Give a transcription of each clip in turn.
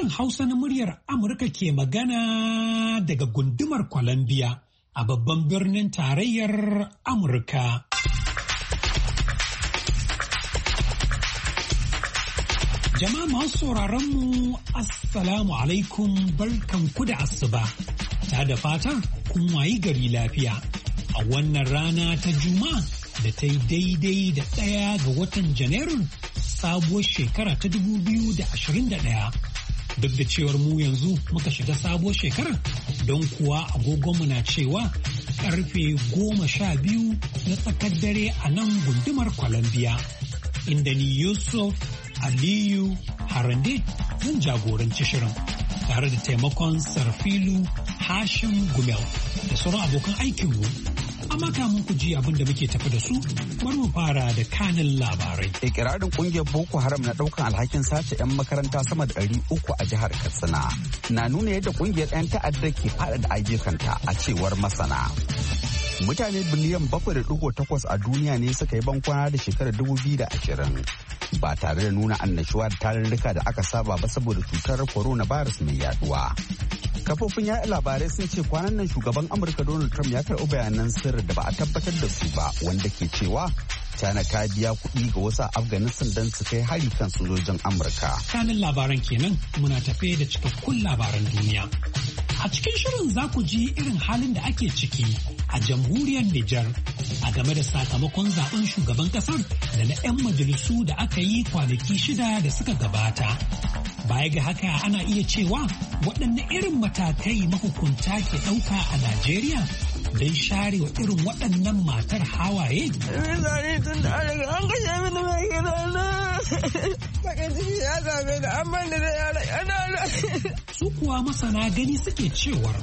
Sashen Hausa na muryar Amurka ke magana daga gundumar Columbia a babban birnin tarayyar Amurka. Jama'a masu sauraronmu Assalamu alaikum barkanku da asuba, ta da fata kun wayi gari lafiya a wannan rana ta Juma'a. da ta yi daidai da ɗaya ga watan janairun sabuwar shekara ta 2021 duk da cewar mu yanzu muka shiga sabuwar shekara don kuwa agogonmu na cewa karfe goma sha biyu na tsakar dare a nan gundumar Colombia. Inda ni Yusuf Aliyu Harande zan jagoranci shirin tare da taimakon Sarfilu Hashim Gumel da sauran abokan aikin mu. amma kamun ku ji abin da muke tafi da su bari mu fara da kanin labarai. Ikirarin kungiyar Boko Haram na daukan alhakin sace 'yan makaranta sama da ɗari uku a jihar Katsina na nuna yadda kungiyar 'yan ta'adda ke faɗaɗa ayyukanta a cewar masana. Mutane biliyan bakwai da takwas a duniya ne suka yi bankwana da shekarar dubu biyu da ashirin ba tare da nuna annashuwa da tarurruka da aka saba ba saboda cutar coronavirus mai yaduwa. kafofin ya labarai sun ce kwanan nan shugaban amurka donald trump ya karɓi bayanan sirri da ba a tabbatar da su ba wanda ke cewa china ta biya kuɗi ga wasu afghanistan don su kai hari kan sojojin amurka kanin labaran kenan muna tafe da cikakkun labaran duniya a cikin shirin za ku ji irin halin da ake ciki a jamhuriyar nijar a game da sakamakon zaben shugaban kasar da na 'yan majalisu da aka yi kwanaki shida da suka gabata Baya ga haka ana iya cewa waɗanne irin matakai mahukunta ke ɗauka a Najeriya don sharewa irin waɗannan matar hawaye? Su kuwa masana gani suke cewar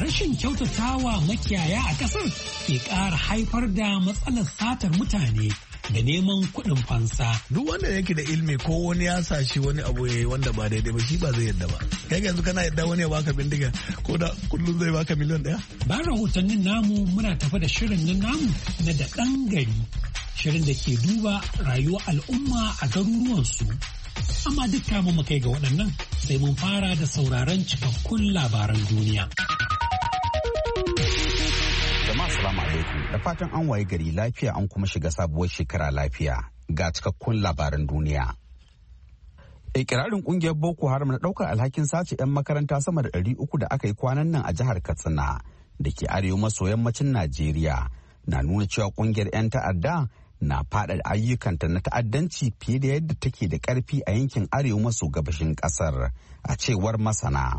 rashin kyautatawa makiyaya a ƙasar ke ƙara haifar da matsalar satar mutane da neman kuɗin fansa. Duk wanda yake da ilimi ko wani ya sa shi wani abu ya yi wanda ba daidai ba shi ba zai yadda ba. Kai yanzu kana yadda wani ya baka bindiga ko da kullum zai baka miliyan ɗaya. Ba rahotannin namu muna tafa da shirin na namu na da ɗan gari. Shirin da ke duba rayuwar al'umma a garuruwansu. Amma duk kama mu kai ga waɗannan sai mun fara da sauraron cikakkun labaran duniya. da fatan an waye gari lafiya an kuma shiga sabuwar shekara lafiya ga cikakkun labaran duniya. Ikirarin kungiyar Boko Haram na ɗaukar alhakin sace 'yan makaranta sama da ɗari uku da aka yi kwanan nan a jihar Katsina da ke arewa maso yammacin Najeriya na nuna cewa kungiyar 'yan ta'adda na fadar ayyukanta na ta'addanci fiye da yadda take da karfi a yankin arewa maso gabashin ƙasar a cewar masana.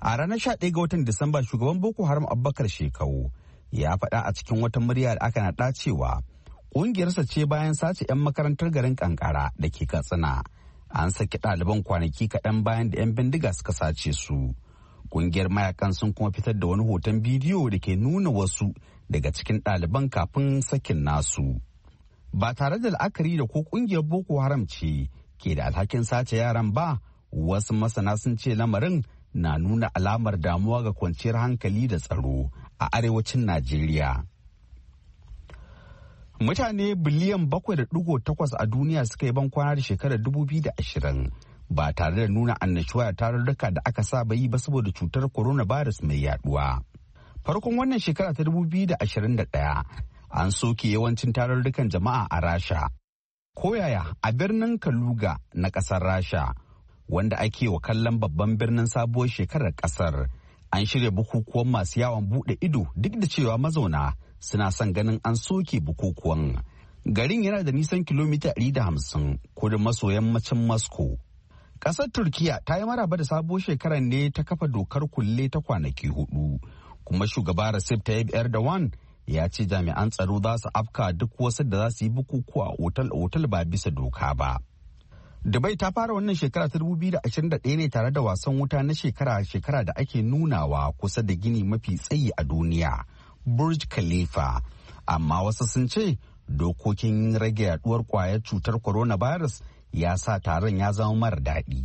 A ranar 11 ga watan Disamba shugaban Boko Haram Abubakar Shekau ya faɗa a cikin wata murya da aka naɗa cewa ƙungiyarsa ce bayan sace 'yan makarantar garin kankara da ke katsina an saki ɗaliban kwanaki kaɗan bayan da 'yan bindiga suka sace su ƙungiyar mayakan sun kuma fitar da wani hoton bidiyo da ke nuna wasu daga cikin ɗaliban kafin sakin nasu ba tare da la'akari da ko ƙungiyar boko haram ce ke da alhakin sace yaran ba wasu masana sun ce lamarin na nuna alamar damuwa ga kwanciyar hankali da tsaro a arewacin Najeriya. Mutane biliyan bakwai da takwas a duniya suka yi bankwana da shekarar ashirin ba tare da nuna annashuwa da tarurruka da aka saba yi ba saboda cutar corona coronavirus mai yaduwa. Farkon wannan shekara ta ɗaya an soke yawancin tarurrukan jama'a a Rasha. Koyaya a birnin Kaluga na ƙasar Rasha, wanda ake wa kallon babban birnin sabuwar shekarar ƙasar. an shirya bukukuwan masu yawon bude ido duk da cewa mazauna suna son ganin an soke bukukuwan garin yana da nisan kilomita 150 kudu maso yammacin moscow ƙasar turkiya ta yi maraba da sabo shekarar ne ta kafa dokar kulle ta kwanaki hudu kuma shugaba recep tayyip erdogan ya ce jami'an tsaro za su afka duk wasu da za su yi bukukuwa a otal-otal ba bisa doka ba Dubai ta fara wannan shekara ta 2021 ne tare da wasan wuta na shekara-shekara da ake nunawa kusa da gini mafi tsayi a duniya, Burj Khalifa. Amma wasu sun ce dokokin rage yaduwar kwayar cutar coronavirus ya sa taron ya zama mara daɗi.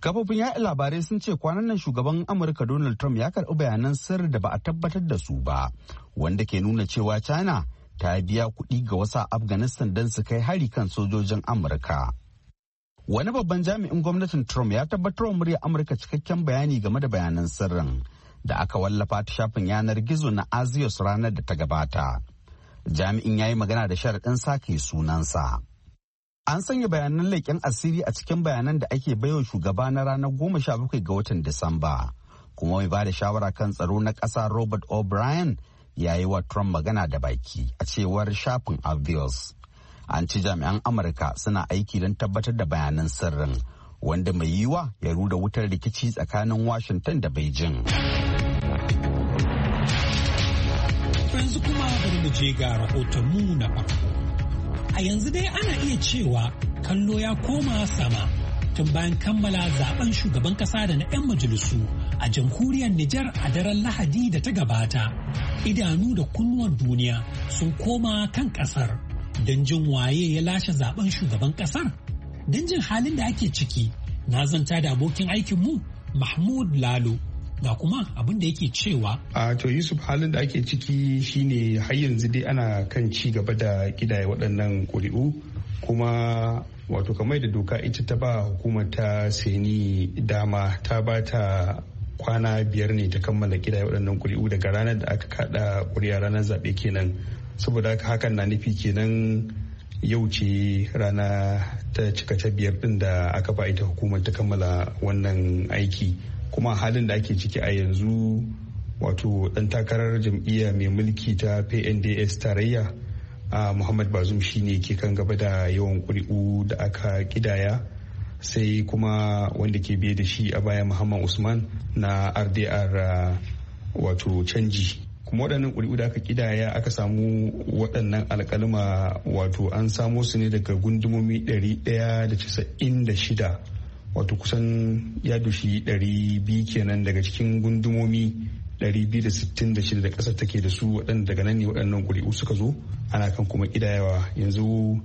Kafofin yaɗa labarai sun ce kwanan nan shugaban Amurka Donald Trump ya karɓi bayanan sirri da ba a tabbatar da su ba, wanda ke nuna cewa China ta biya kuɗi ga wasu afghanistan don su kai hari kan sojojin amurka wani babban jami'in gwamnatin trump ya tabbatar wa murya amurka cikakken bayani game da bayanan sirrin da aka wallafa ta shafin yanar gizo na azios ranar da ta gabata jami'in ya yi magana da sharaɗin sake sunansa an sanya bayanan leƙen asiri a cikin bayanan da ake baiwa shugaba na ranar goma sha bakwai ga watan disamba kuma mai ba da shawara kan tsaro na ƙasa robert o'brien ya yi wa Trump magana da baki a cewar shafin Avios. An ci jami'an Amurka suna aiki don tabbatar da bayanan sirrin wanda mai yiwa ya ruda wutar rikici tsakanin Washington da Beijing. Yanzu kuma bari mu je ga rahotonmu na farko. A yanzu dai ana iya cewa kallo ya koma sama tun bayan kammala zaben shugaban kasa da na 'yan majalisu a jamhuriyar Nijar a daren Lahadi da ta gabata. Idanu da kunnuwan duniya sun koma kan kasar don jin waye ya lashe zaben shugaban kasar. Don jin halin da ake ciki, na zanta da abokin aikinmu Mahmud Lalo. ga kuma abin da yake cewa. A to Yusuf halin da ake ciki shine har yanzu dai ana kan ci gaba da kidaya waɗannan ƙuri'u kuma wato kamar da doka ita ta ba hukumar ta seni dama ta ba ta kwana biyar ne ta kammala gida waɗannan kuri'u daga ranar da aka kada kuri'a ranar zaɓe kenan saboda haka hakan na nufi kenan yau ce rana ta cika ta biyar din da aka ba ita hukumar ta kammala wannan aiki kuma halin da ake ciki a yanzu wato ɗan takarar jam'iyya mai mulki ta pnds tarayya a ah, muhammad bazum shine ke kan gaba da yawan kuri'u da aka kidaya sai kuma wanda ke biye da shi a baya muhammad usman na rdr uh, wato canji kuma waɗannan ƙuri'u da aka ƙidaya aka samu waɗannan alƙalma wato an samo su ne daga gundumomi 196 wato kusan ya dushi 200 kenan daga cikin gundumomi 266 da ƙasar take da su waɗanda daga nan ne waɗannan ƙuri'u suka zo ana kan kuma ƙidayawa yanzu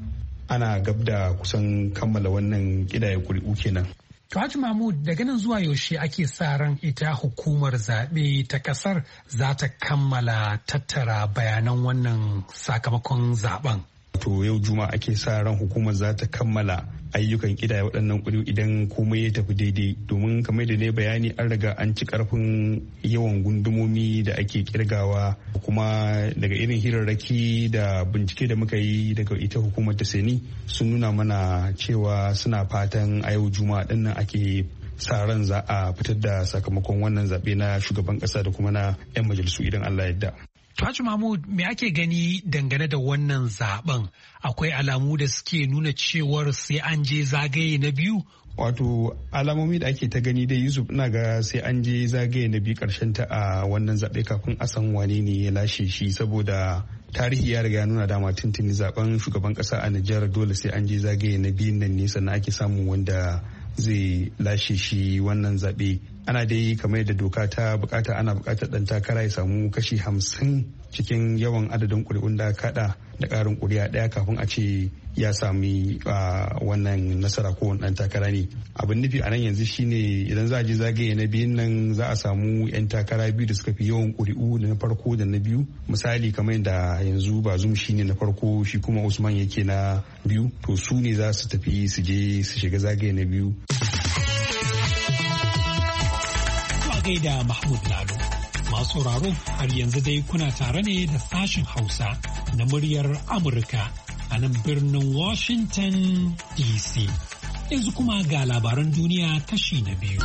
ana gab da kusan kammala wannan kidaya kuri'u kenan. To Haji Mahmud daga nan zuwa yaushe ake sa ran ita hukumar zaɓe ta ƙasar za ta kammala tattara bayanan wannan sakamakon zaɓen. To yau juma'a ake sa ran hukumar za ta kammala ayyukan kida waɗannan kuɗi idan komai ya tafi daidai domin kamar da ne bayani an riga an ci karfin yawan gundumomi da ake kirgawa kuma daga irin hirarraki da bincike da muka yi daga ita hukumar ta seni sun nuna mana cewa suna fatan a yau juma'a ɗin nan ake sa ran za a fitar da sakamakon wannan zaɓe na shugaban ƙasa da kuma na 'yan majalisu idan Allah ya yadda. Taj Mahmud me ake gani dangane da wannan zaben akwai alamu da suke nuna cewar sai an je zagaye na biyu? Wato alamomi da ake ta gani dai Yusuf ina ga sai an je zagaye na biyu karshen ta a wannan zaɓe kafin a san wane ne ya lashe shi saboda tarihi ya riga nuna dama tuntuni zaben shugaban ƙasa a Nijar dole sai an je zagaye na biyun nan ne sannan ake samun wanda zai lashe shi wannan zaɓe ana dai kamar da doka ta bukata ana bukatar dan takara ya samu kashi hamsin cikin yawan adadin kuri'un da kada da karin kuri'a daya kafin a ce ya sami wannan nasara ko dan takara ne abin nufi a nan yanzu shine idan za a je zagaye na biyun nan za a samu yan takara biyu da suka fi yawan kuri'u da na farko da na biyu misali kamar da yanzu bazum shine na farko shi kuma usman yake na biyu to su ne za su tafi su je su shiga zagaye na biyu. gaida Mahmud Lalo. Masu sauraro har yanzu dai kuna tare ne da sashen Hausa na muryar Amurka a nan birnin Washington DC. Yanzu kuma ga labaran duniya kashi na biyu.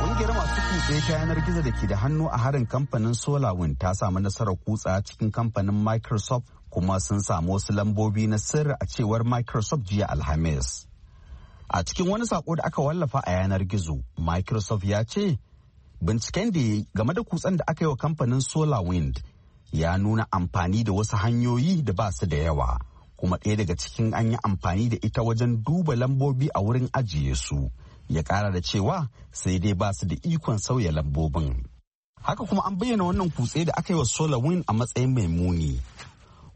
Ƙungiyar masu kutse ta yanar gizo da ke da hannu a harin kamfanin SolarWind ta samu nasarar kutsa cikin kamfanin Microsoft kuma sun samu wasu lambobi na sirri a cewar Microsoft jiya Alhamis. a cikin wani sako da aka wallafa a yanar gizo microsoft ya ce binciken da ya yi game da kutsen da aka yi wa kamfanin solarwind ya nuna amfani da wasu hanyoyi da ba su da yawa kuma ɗaya daga cikin an yi amfani da ita wajen duba lambobi a wurin ajiye su ya ƙara da cewa sai dai ba su da ikon sauya lambobin haka kuma an bayyana wannan kutse da aka yi wa solarwind a matsayin mai muni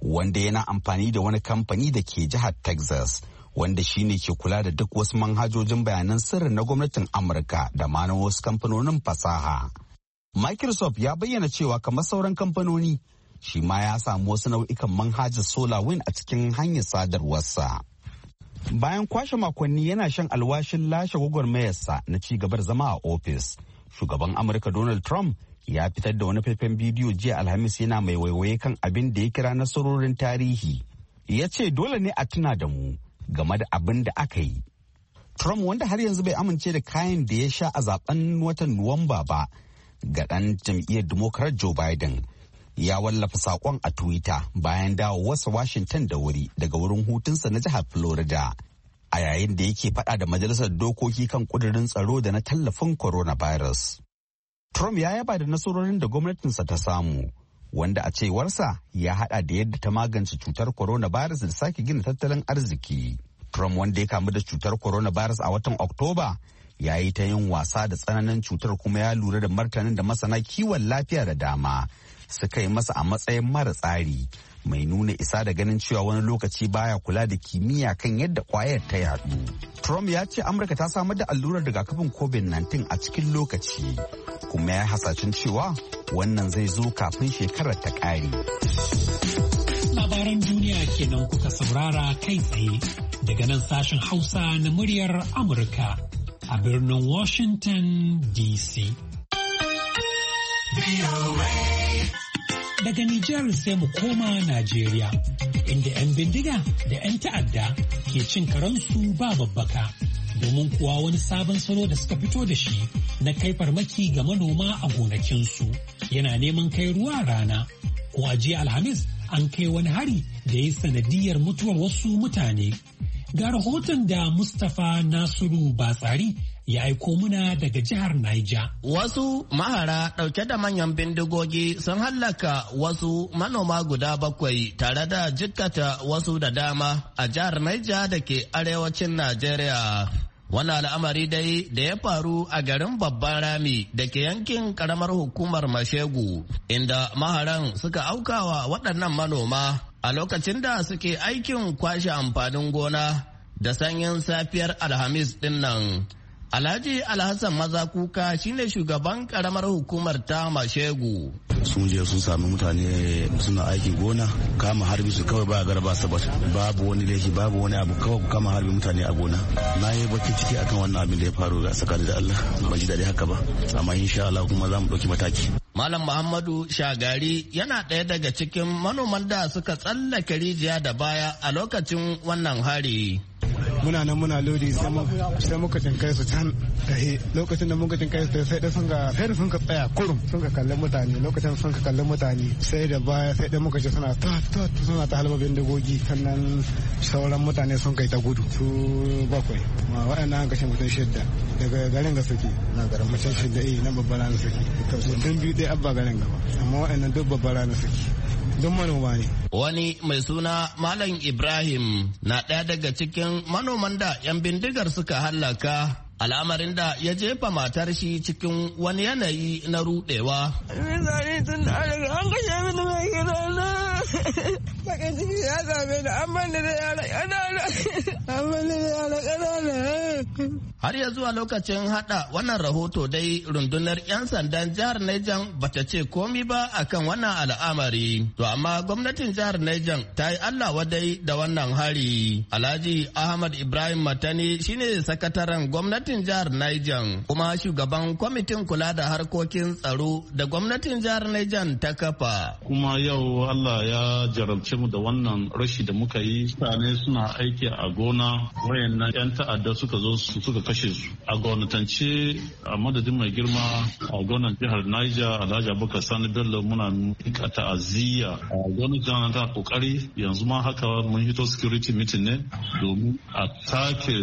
wanda yana amfani da wani kamfani da ke jihar texas wanda shine ke kula da duk wasu manhajojin bayanan sirri na gwamnatin amurka da ma wasu kamfanonin fasaha microsoft ya bayyana cewa kamar sauran kamfanoni shi ma ya samu wasu nau'ikan manhajar solarwind a cikin hanyar sadarwarsa bayan kwashe makonni yana shan alwashin lashe gwagwarmayarsa na ci gabar zama a ofis shugaban amurka donald trump ya fitar da wani faifan bidiyo jiya alhamis yana mai waiwaye kan abin da ya kira nasarorin tarihi ya ce dole ne a tuna da mu game da abin da aka yi. Trump wanda har yanzu bai amince da kayan da ya sha a zaben watan Nuwamba ba ga ɗan jam'iyyar Democrat Joe Biden ya wallafa saƙon a Twitter bayan dawowarsa Washington da wuri daga wurin hutunsa na jihar Florida. A yayin da yake faɗa da majalisar dokoki kan ƙudurin tsaro da na tallafin coronavirus. Trump ya yaba da nasarorin da gwamnatinsa ta samu wanda a cewarsa ya hada da yadda ta magance cutar corona coronavirus da sake gina tattalin arziki. Trump wanda ya kamu da cutar coronavirus a watan Oktoba ya yi ta yin wasa da tsananin cutar kuma ya lura da martanin da masana kiwon lafiya da dama suka yi masa a matsayin mara tsari mai nuna isa da ganin cewa wani lokaci baya kula da kimiyya kan yadda kwayar ta yadu. Trump ya ce Amurka ta samar da allurar rigakafin COVID-19 a cikin lokaci kuma ya hasashen cewa wannan zai zo kafin shekarar ta ƙare. Labaran duniya kenan kuka saurara kai tsaye daga nan sashen Hausa na muryar Amurka a birnin Washington DC. Daga Nijar sai mu koma Najeriya, inda 'yan bindiga da 'yan ta'adda ke cin karansu ba babbaka, domin kuwa wani sabon salo da suka fito da shi. na kai farmaki ga manoma a gonakinsu yana neman kai ruwa rana ko a jiya alhamis an kai wani hari da ya sanadiyar mutuwar wasu mutane ga rahoton da mustapha nasiru batsari ya aiko muna daga jihar Niger. Wasu mahara ɗauke da manyan bindigogi sun hallaka wasu manoma guda bakwai tare da jikkata wasu da dama a jihar Niger da ke arewacin Najeriya. Wani al'amari dai da ya faru a garin babban rami da ke yankin karamar hukumar Mashegu, inda maharan suka aukawa waɗannan manoma a lokacin da suke aikin kwashe amfanin gona da sanyin safiyar Alhamis ɗin Alhaji Alhassan Maza Kuka shine shugaban karamar hukumar ta Mashegu. Sun je sun sami mutane suna aikin gona kama harbi su kawai ba a garba sabat babu wani laifi babu wani abu kawai kama harbi mutane a gona. Na yi bakin ciki akan wannan abin da ya faru ga tsakanin da Allah ba ji daɗi haka ba amma insha Allah kuma za mu ɗauki mataki. Malam Muhammadu Shagari yana ɗaya daga cikin manoman da suka tsallake rijiya da baya a lokacin wannan hari. muna nan muna lodi sai muka tinkai su can tahe eh, lokacin da muka tinkai su sai da sun ga sai da sun ka tsaya kurum sun ka kalli mutane lokacin sun ka kalli mutane sai da baya sai da muka ce suna ta ta suna ta halba bindigogi sannan sauran mutane sun kai ta gudu su bakwai ma an kashe mutum shidda daga garin ga suke na garin mutum shidda eh na babbar rana suke mutum biyu dai abba garin gaba amma waɗannan duk babbar rana suke don manoma ne. Wani mai suna Malam Ibrahim na ɗaya daga cikin manoman da 'yan bindigar suka hallaka al'amarin da ya jefa matar shi cikin wani yanayi na rudewa. Bakin ya zabe da an da yara ƙanana. An da yara ƙanana. Eh. Har ya zuwa lokacin hada wannan rahoto dai rundunar 'yan sandan jihar Niger ta ce komi ba akan wannan al'amari. To amma gwamnatin jihar Niger ta yi Allah wadai da wannan hari. Alhaji Ahmad Ibrahim Matani shine sakataren gwamnatin jihar Niger kuma shugaban kwamitin kula da harkokin tsaro da gwamnatin jihar Niger ta kafa. Kuma yau Allah ya ya jarabce mu da wannan rashi da muka yi mutane suna aiki a gona wayannan yan ta'adda suka zo suka kashe su a gwamnatance a madadin mai girma a gwamnan jihar Niger Alhaji Abubakar Sani Bello muna mika ta'aziyya a gwamnatin ta kokari yanzu ma haka mun hito security meeting ne domin a sake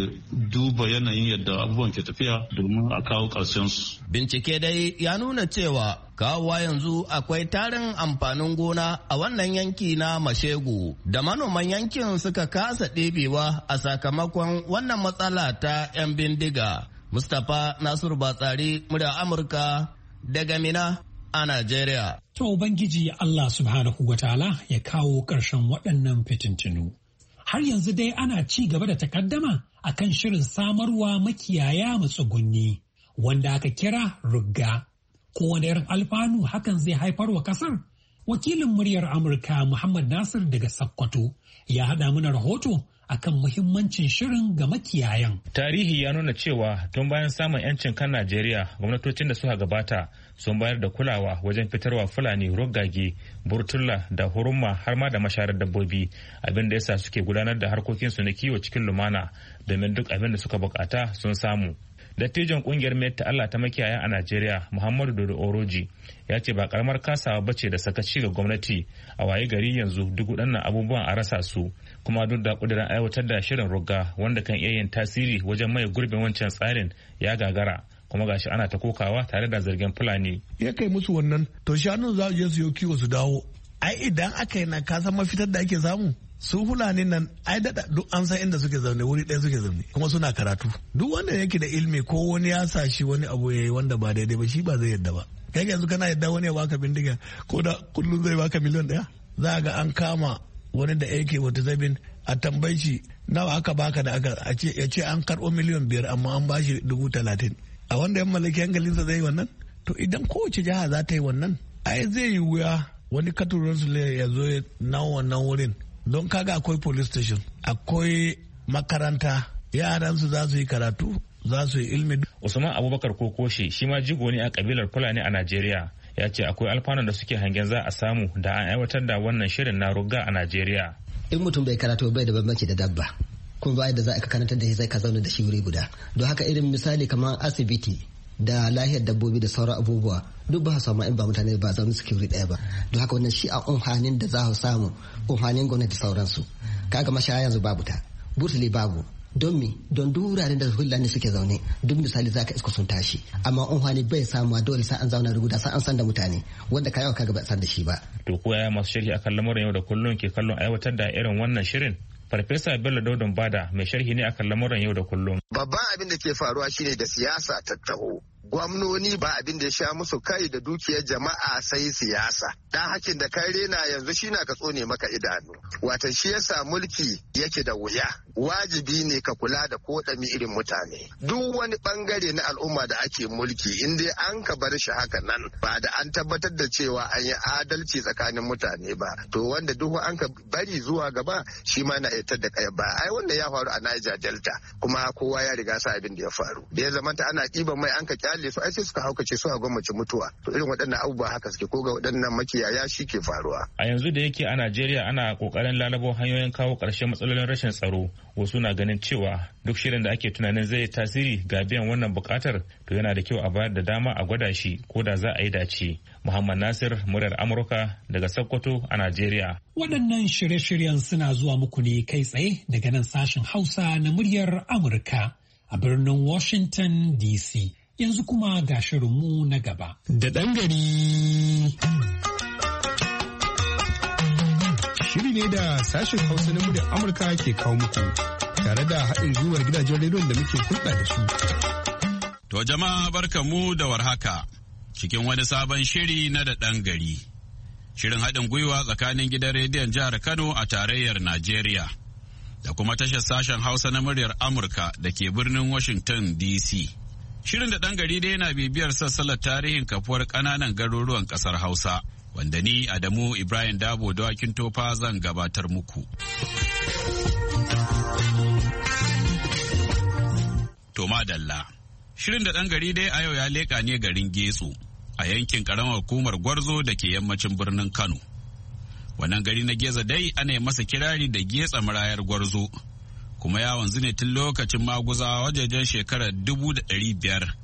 duba yanayin yadda abubuwan ke tafiya domin a kawo karshen su bincike dai ya nuna cewa kawowa yanzu akwai tarin amfanin gona a wannan yanki na mashegu da manoman yankin suka kasa ɗebewa a sakamakon wannan matsala ta 'yan bindiga mustapha nasiru batsari murya amurka daga mina a najeriya to ubangiji allah subhanahu wataala ya kawo ƙarshen waɗannan fitintinu har yanzu dai ana ci gaba da takaddama akan shirin samarwa makiyaya matsugunni wanda aka kira rugga kowane irin alfanu hakan zai haifar wa kasar wakilin muryar amurka muhammad nasir daga sakkwato ya hada mana rahoto akan muhimmancin shirin ga makiyayan. Tarihi ya nuna cewa tun bayan samun 'yancin kan Najeriya gwamnatocin da suka gabata sun bayar da kulawa wajen fitarwa Fulani rogage, burtula da hurumma har ma da masharar dabbobi abin da yasa suke gudanar da harkokinsu na kiwo cikin lumana domin duk abin da suka bukata sun samu. Dattijon kungiyar metta Allah ta makiyaya a Najeriya Muhammadu Dodo Oroji ya ce ba karamar kasawa bace da sakaci ga gwamnati a waye gari yanzu duk waɗannan abubuwan a rasa su kuma duk da kudirin aiwatar da shirin rugga wanda kan iya yin tasiri wajen maye gurbin wancan tsarin ya gagara. kuma gashi ana ta kokawa tare da zargin fulani. Ya kai musu wannan to shanun za su je su yi kiwo su dawo. Ai idan aka yi na kasan mafitar da ake samu su fulani nan ai dada duk an san inda suke zaune wuri ɗaya suke zaune kuma suna karatu duk wanda yake da ilimi ko wani ya sa shi wani abu yayi wanda ba daidai ba shi ba zai yadda ba kai yanzu kana yadda wani ya baka bindiga ko da kullum zai baka miliyan ɗaya za ga an kama wani da yake wata zabin a tambayi shi nawa aka baka da aka ya ce an karɓo miliyan biyar amma an bashi dubu talatin a wanda yan malaki galinsa zai yi wannan to idan kowace jiha za ta yi wannan ai zai yi wuya wani katurar su ya zo na wannan wurin don kaga akwai police station akwai makaranta yaransu za su yi karatu za su yi ilmi usman abubakar kokoshe shi ma jigo ne a kabilar fulani a najeriya ya ce akwai alfanun da suke hangen za a samu da an aiwatar da wannan shirin na rugga a najeriya in mutum bai karatu bai da bambanci da dabba kuma bai da za a karanta da shi zai ka zauna da shi wuri guda don haka irin misali kamar asibiti da lahiyar dabbobi da sauran abubuwa duk ba samu in ba mutane ba zaune suke wuri daya ba don haka wannan shi a umhanin da za su samu umhanin gwamnati sauransu kaga mashaya yanzu babu ta burtuli babu don mi don duk wuraren da hulani suke zaune duk misali zaka iska sun tashi amma unhwani bai samu dole sai an zauna rubuta sai an san da mutane wanda kayawa kaga ba san da shi ba to ko yaya masu sharhi akan lamarin yau da kullum ke kallon aiwatar da irin wannan shirin Farfesa Bello Dodon Bada mai sharhi ne akan lamuran yau da kullum. Babban abin da ke faruwa shine da siyasa ta taho. gwamnoni ba abin da ya sha musu kai da dukiyar jama'a sai siyasa dan hakin da kai rena yanzu shi na ka tsone maka idanu watan shi yasa mulki yake da wuya wajibi ne ka kula da ko irin mutane duk wani bangare na al'umma da ake mulki in dai an ka bar shi haka nan ba da an tabbatar da cewa an yi adalci tsakanin mutane ba to wanda duk an ka bari zuwa gaba shi ma na yatar da kai ba ai wanda ya faru a Niger Delta kuma kowa ya riga sa abin da ya faru da ya zamanta ana ɗiban mai an ka kyale su ai suka haukace su a gwamnati mutuwa to irin waɗannan abubuwa haka suke ko ga waɗannan makiyaya shi ke faruwa a yanzu da yake a Najeriya ana kokarin lalabo hanyoyin kawo ƙarshen matsalolin rashin tsaro wasu na ganin cewa duk shirin da ake tunanin zai yi tasiri ga biyan wannan bukatar to yana da kyau a bayar da dama a gwada shi ko da za a yi dace Muhammad Nasir muryar Amurka daga Sokoto a Najeriya waɗannan shirye-shiryen suna zuwa muku ne kai tsaye daga nan sashen Hausa na muryar Amurka a birnin Washington DC yanzu kuma ga shirinmu na gaba. Da ɗan gari. Shiri ne da sashen Hausa na muryar Amurka ke kawo muku tare da haɗin gwiwar gidajen rediyon da muke hulɗa da su. To jama'a mu da warhaka cikin wani sabon shiri na da ɗan gari. Shirin haɗin gwiwa tsakanin gidan rediyon jihar Kano a tarayyar Najeriya. Da kuma tashar sashen Hausa na muryar Amurka da ke birnin Washington DC. Shirin da ɗan gari dai yana bibiyar sassalar tarihin kafuwar ƙananan garuruwan ƙasar Hausa, wanda ni Adamu Ibrahim Dabo dawakin tofa zan gabatar muku. Toma Dalla Shirin da ɗan gari dai a yau ya leƙa ne garin Getsu a yankin ƙaramar hukumar Gwarzo da ke yammacin birnin Kano. Wannan gari na Geza dai ana yi masa kirari da Getsa marayar Gwarzo. kuma ya wanzu ne tun lokacin maguzawa wajejen shekarar dubu da ɗari biyar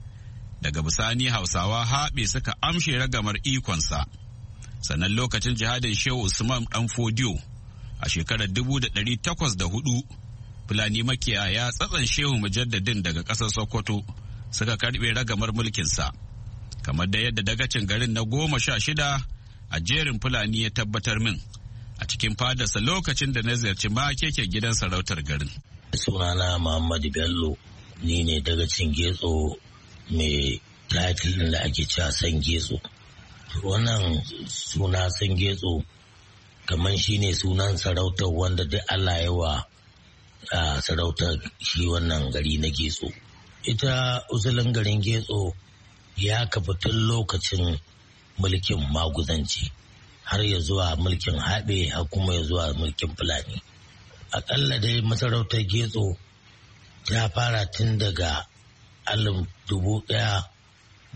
daga bisani hausawa haɓe suka amshe ragamar ikonsa sannan lokacin jihadin shehu usman dan fodiyo a shekarar dubu da ɗari takwas da hudu fulani ya tsatsan shehu mujaddadin daga ƙasar sokoto suka karɓe ragamar mulkinsa kamar da yadda dagacin garin na goma sha shida a jerin fulani ya tabbatar min a cikin fadarsa lokacin da na ziyarci ba keke gidan sarautar garin. Sunana Muhammadu Bello ni ne daga cin getso mai latin da ake cewa san getso. Wannan suna san getso kamar shi ne sunan sarautar wanda duk Allah yawa a sarautar shi wannan gari na getso. Ita usulin garin getso ya kafa tun lokacin mulkin maguzanci. har ya zuwa mulkin haɓe har kuma ya zuwa mulkin fulani aƙalla dai masarautar getso ta fara tun daga alif dubu ɗaya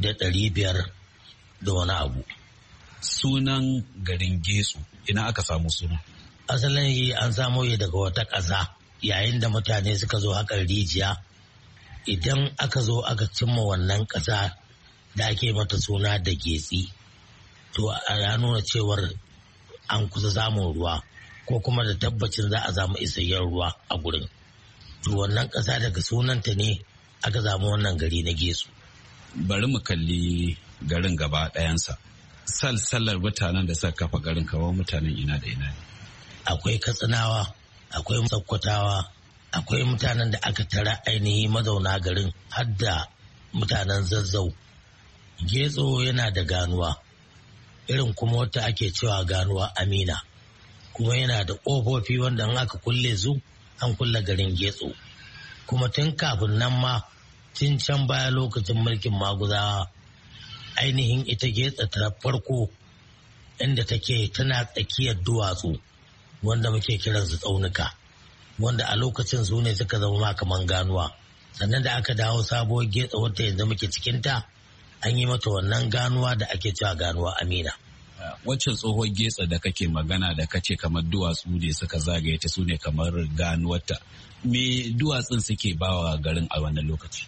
da ɗari biyar da wani abu sunan garin getso ina aka samu suna asalin yi an samo yi daga wata ƙasa yayin da mutane suka zo haƙar rijiya idan aka zo aka cimma wannan ƙasa da ake mata suna da getsi to ya nuna cewar an kusa samun ruwa ko kuma da tabbacin za a samu isayyar ruwa a gurin to wannan ƙasa daga sunanta ne aka samu wannan gari na gesu bari mu kalli garin gaba ɗayansa salsalar mutanen da suka kafa garin kawo mutanen ina da ina ne akwai katsinawa akwai sakkwatawa akwai mutanen da aka tara ainihi mazauna garin hadda mutanen zazzau getso yana da ganuwa irin kuma wata ake cewa ganuwa amina kuma yana da ƙofofi wanda in aka kulle zu an kulle garin getso kuma tun kafin nan ma tun can baya lokacin mulkin maguzawa ainihin ita getsa ta farko inda take tana tsakiyar duwatsu wanda muke kiransu tsaunuka wanda a lokacin su ne suka zama kamar ganuwa sannan da aka dawo sabuwar getsa wata yanzu muke cikinta an yi mata wannan ganuwa da ake cewa ganuwa amina. Wacce tsohon getsa da kake magana da kace kamar duwatsu ne suka zagaye ta su ne kamar ganuwarta. Me duwatsun suke bawa garin a wannan lokaci?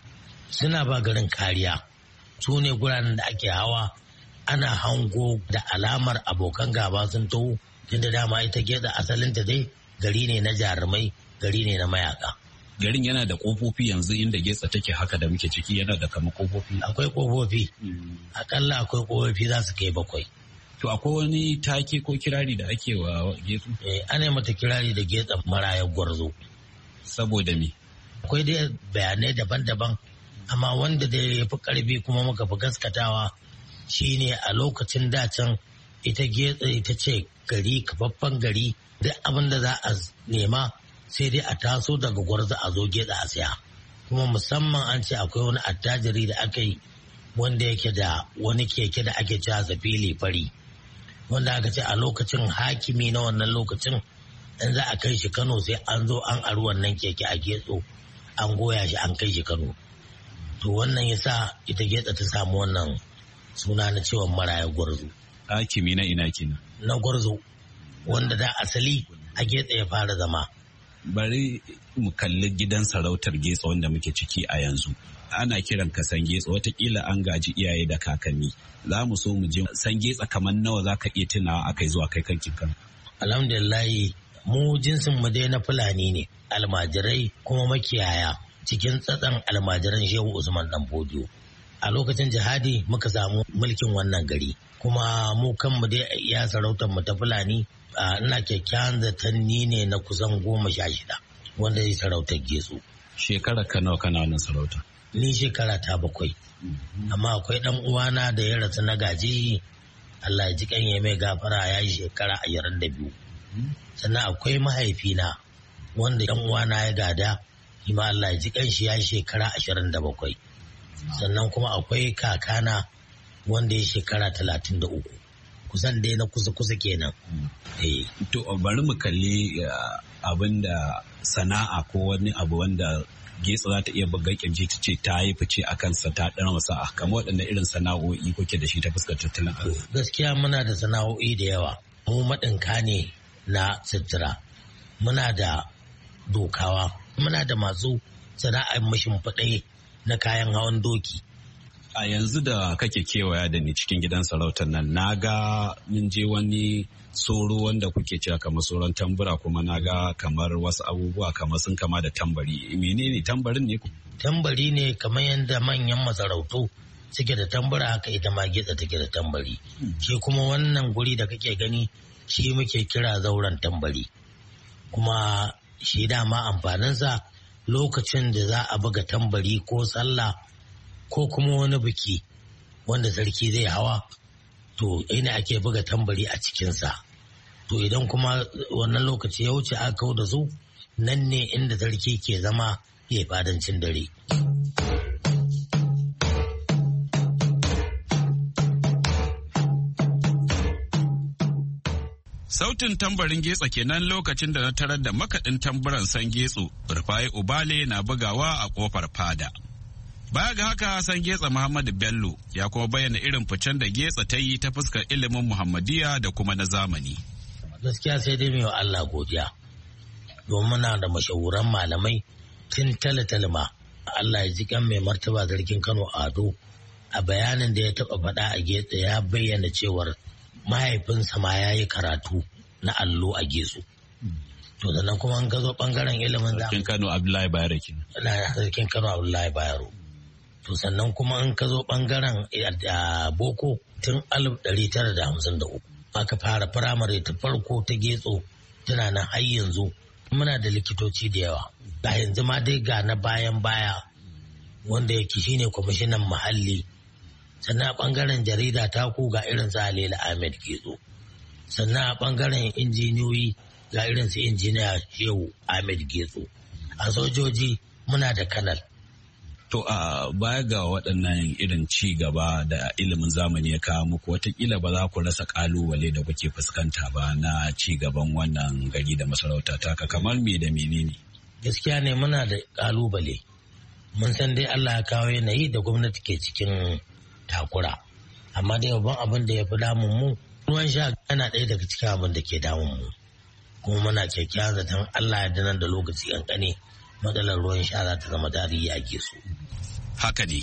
Suna ba garin kariya. Su ne guraren da ake hawa ana hango da alamar abokan gaba sun taho tunda dama ita asalin asalinta dai gari ne na jarumai gari ne na mayaka. garin yana da kofofi yanzu inda getsa take haka da muke ciki yana da kama kofofi akwai kofofi mm. akalla akwai kofofi za su kai bakwai to akwai wani take ko kirari da ake wa getsu eh ana mata kirari da getsa maraya gwarzo saboda me akwai dai bayanai daban-daban amma wanda da ya fi karfi kuma muka fi gaskatawa shine a lokacin dacin ita getsa ita ce gari kafaffen gari duk abin da za a nema sai dai a taso daga gwarza a zo geda a siya kuma musamman an ce akwai wani attajiri da aka yi wanda yake da wani keke da ake cewa zafili fari wanda aka ce a lokacin hakimi na wannan lokacin in za a kai shi kano sai an zo an aru wannan keke a getso an goya shi an kai shi kano to wannan ya sa ita getsa ta samu wannan suna na cewa maraya gwarzo hakimi na ina kina. na gwarzo wanda da asali a getsa ya fara zama bari mu kalli gidan sarautar getsa wanda muke ciki a yanzu ana kiran ka san getsa watakila an gaji iyaye da kakanni za mu so mu je san getsa kamar nawa za ka iya tunawa akai zuwa kai kan kan alhamdulillah mu jinsin mu dai na fulani ne almajirai kuma makiyaya cikin tsatsan almajiran shehu usman dan bodiyo a lokacin jihadi muka samu mulkin wannan gari kuma mu kanmu dai iya sarautar mu ta fulani ina kyakkyawan zaton ni ne na kusan goma sha shida wanda ya sarautar getso. Shekara ka nawa kana wannan sarauta? Ni shekara ta bakwai. Mhm. Amma akwai ɗan uwana da ya rasu na gaji Allah ya ji kan ya mai gafara ya yi shekara ashirin da biyu. Mhm. Sannan akwai mahaifina wanda ɗan uwana ya gada shi ma Allah ya ji kan shi ya yi shekara ashirin da bakwai. Sannan kuma akwai kakana wanda ya shekara talatin da uku. kusan dai na kusa-kusa kenan. Eh. To bari mu kalli eh, abin da sana'a ko wani abu wanda gesa za ta iya bugar kirji ta ce ta yi fice a kansa ta ɗan wasa a kamar waɗanda irin sana'o'i ko ke da shi ta fuskar tattalin arziki. Gaskiya muna da sana'o'i da yawa. Mu maɗinka ne na sutura. Muna da dokawa. Muna da masu sana'ar mashin faɗe na kayan hawan doki. a yanzu da kake kewaya da ni cikin gidan sarautar nan na ga mun je wani tsoro wanda kuke cewa kamar tsoron tambura kuma na ga kamar wasu abubuwa kamar sun kama da tambari menene tambarin ne tambari ne kamar yadda manyan masarautu suke da tambura haka ita ma gitsa take da tambari hmm. shi kuma wannan guri da kake gani shi muke kira zauren tambari kuma shi dama amfanin sa lokacin da za a buga tambari ko sallah ko kuma wani biki wanda sarki zai hawa to ina ake buga tambari a cikinsa to idan kuma wannan lokaci ya wuce aka kau da su nan ne inda sarki ke zama ya fadancin dare. Sautin tambarin getsa kenan lokacin da na tarar da makaɗin tamburan san getso, Rufai Ubale na bugawa a ƙofar fada. Baya ga haka san Getsa Muhammadu Bello ya kuma bayyana irin ficen da Getsa ta yi ta fuskar ilimin Muhammadiyya da kuma na zamani. Gaskiya sai dai mai wa Allah godiya. Domin muna da mashahuran malamai tun tale ma. Allah ya ji kan mai martaba zargin Kano Ado a bayanin da ya taɓa faɗa a Getsa ya bayyana cewar mahaifinsa ma ya yi karatu na allo a Getsu. To sannan kuma an gazo ɓangaren ilimin zamani. Sarkin Kano Abdullahi Bayero Kano Abdullahi Bayero. to sannan kuma in ka zo bangaren eh, boko tun 1953 aka fara firamare ta farko ta getso tana nan har yanzu muna da likitoci da yawa ba yanzu ma dai ga na bayan baya wanda yake shine kwamishinan muhalli sannan a bangaren jarida ta ku ga irin su Lela Ahmed Getso sannan a bangaren injiniyoyi ga irin su injiniya Shehu Ahmed Getso a sojoji muna da kanal To a baya ga waɗannan irin ci gaba da ilimin zamani ya kawo muku watakila ba za ku rasa ƙalubale da kuke fuskanta ba na ci gaban wannan gari da masarauta taka kamar me da menene. Gaskiya ne muna da ƙalubale. Mun san dai Allah ya kawo yanayi da gwamnati ke cikin takura. Amma dai babban abin da ya fi damun mu ruwan sha yana ɗaya daga cikin abin da ke damun mu. Kuma muna kyakkyawan zaton Allah ya nan da lokaci ƙanƙani. matsalar ruwan sha za ta zama tarihi a gesu. Haka ne.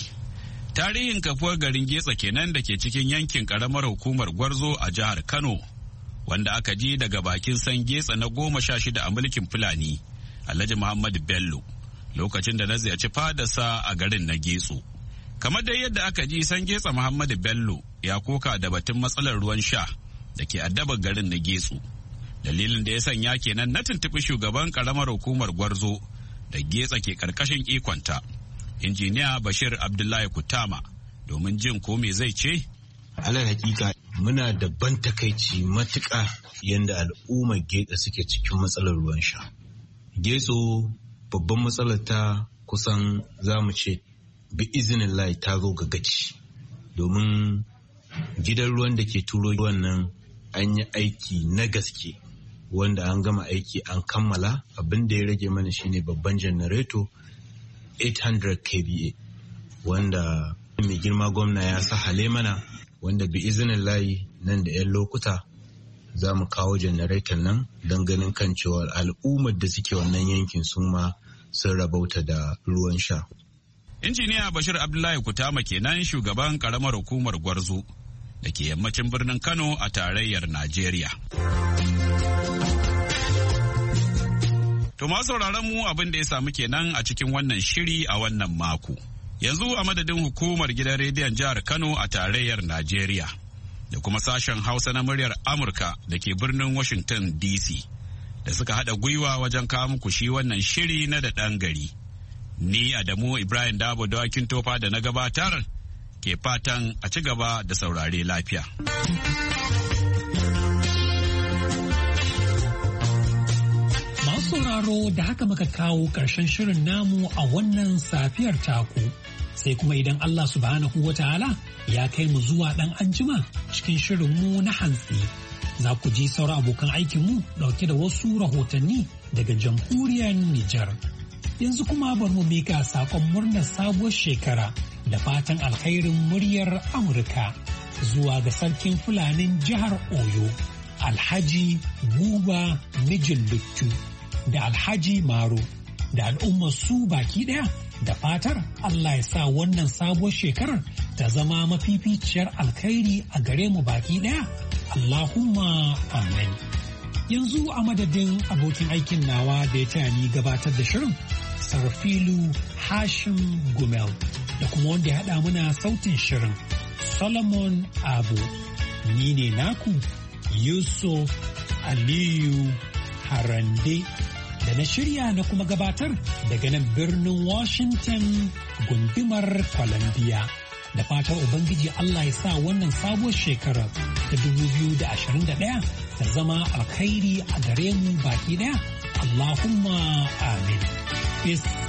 Tarihin kafuwar garin Getsa kenan da ke cikin yankin karamar hukumar Gwarzo a jihar Kano, wanda aka ji daga bakin san Getsa na goma sha shida a mulkin Fulani, Alhaji Muhammad Bello, lokacin da na ziyarci fadarsa a garin na Getsu. Kamar dai yadda aka ji san Getsa Muhammad Bello ya koka da batun matsalar ruwan sha da ke addabar garin na Getsu. Dalilin da ya sanya kenan na tuntuɓi shugaban karamar hukumar Gwarzo, da getsa ke karkashin ikonta injiniya bashir abdullahi kutama domin jin ko me zai ce alal hakika muna da ban takaici matuƙa yadda al'ummar getsa suke cikin matsalar ruwan sha getso babban matsalar ta kusan za mu ce bi izinin lai ta zo ga gaci domin gidan ruwan da ke turo ruwan nan an yi aiki na gaske wanda an gama aiki an kammala abin da ya rage mana shine babban janareto 800 kva wanda mai girma gwamna ya sa hale mana wanda bi izinin layi nan da 'yan lokuta za mu kawo janareton nan don ganin kan cewa al'ummar da suke wannan yankin sun ma sun rabauta da ruwan sha. Injiniya Bashir Abdullahi Kutama kenan shugaban karamar hukumar Gwarzo. da ke yammacin birnin Kano a tarayyar Najeriya. To ma mu abin da ya samu kenan a cikin wannan shiri a wannan mako. Yanzu a madadin hukumar gidan rediyon jihar Kano a tarayyar Najeriya da kuma sashen Hausa na muryar Amurka da ke birnin Washington DC da suka haɗa gwiwa wajen kawo muku shi wannan shiri na da ɗan gari. Ni Adamu Ibrahim Dabo da Tofa da na gabatar. ke fatan a ci gaba da saurare lafiya. Masu sauraro da haka muka kawo ƙarshen shirin namu a wannan safiyar taku. Sai kuma idan Allah subhanahu wa ta'ala ya kai mu zuwa ɗan anjima cikin shirin mu na hantsi. Za ku ji sauran abokan aikinmu ɗauke da wasu rahotanni daga jamhuriyar Nijar. yanzu kuma bari mu mika sakon murnar sabuwar shekara da fatan alkhairin muryar amurka zuwa ga sarkin fulanin jihar oyo alhaji buba mijin luttu da alhaji maro da al'ummar su baki ɗaya da fatar allah ya sa wannan sabuwar shekarar ta zama mafificiyar alkhairi a gare mu baki ɗaya allahumma amin yanzu a madadin abokin aikin nawa da ya ni gabatar da shirin sarfilu hashim gumel da kuma wanda ya haɗa mana sautin shirin solomon abu ni ne naku yusuf aliyu harande da na shirya na kuma gabatar daga nan birnin washington gundumar columbia da fatan ubangiji allah ya sa wannan sabuwar shekarar ta da da ashirin ɗaya ta zama alkhairi a gare mu baki ɗaya allahumma amin is